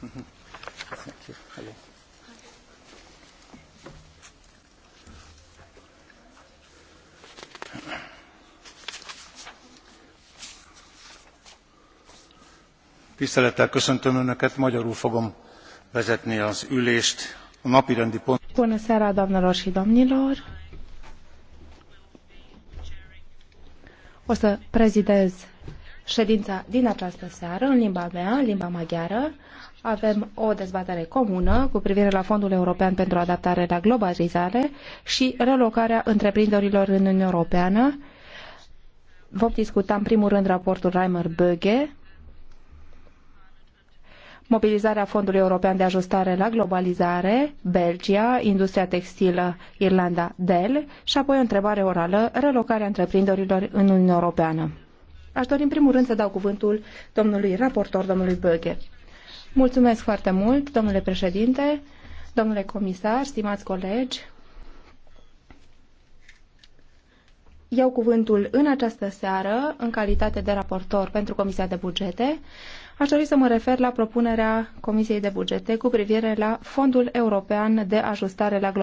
Thank you. Hello. Tisztelettel köszöntöm Önöket, magyarul fogom vezetni az ülést. A napi rendi pont... Bună seara, doamnelor și domnilor! O să prezidez ședința din această seară în limba mea, limba maghiară. Avem o dezbatere comună cu privire la Fondul European pentru Adaptare la Globalizare și relocarea întreprinderilor în Uniunea Europeană. Vom discuta în primul rând raportul Reimer Böge, mobilizarea Fondului European de Ajustare la Globalizare, Belgia, industria textilă, Irlanda, Dell și apoi o întrebare orală, relocarea întreprinderilor în Uniunea Europeană. Aș dori în primul rând să dau cuvântul domnului raportor, domnului Böge. Mulțumesc foarte mult, domnule președinte, domnule comisar, stimați colegi. Iau cuvântul în această seară în calitate de raportor pentru Comisia de Bugete. Aș dori să mă refer la propunerea Comisiei de Bugete cu privire la Fondul European de Ajustare la Globalizare.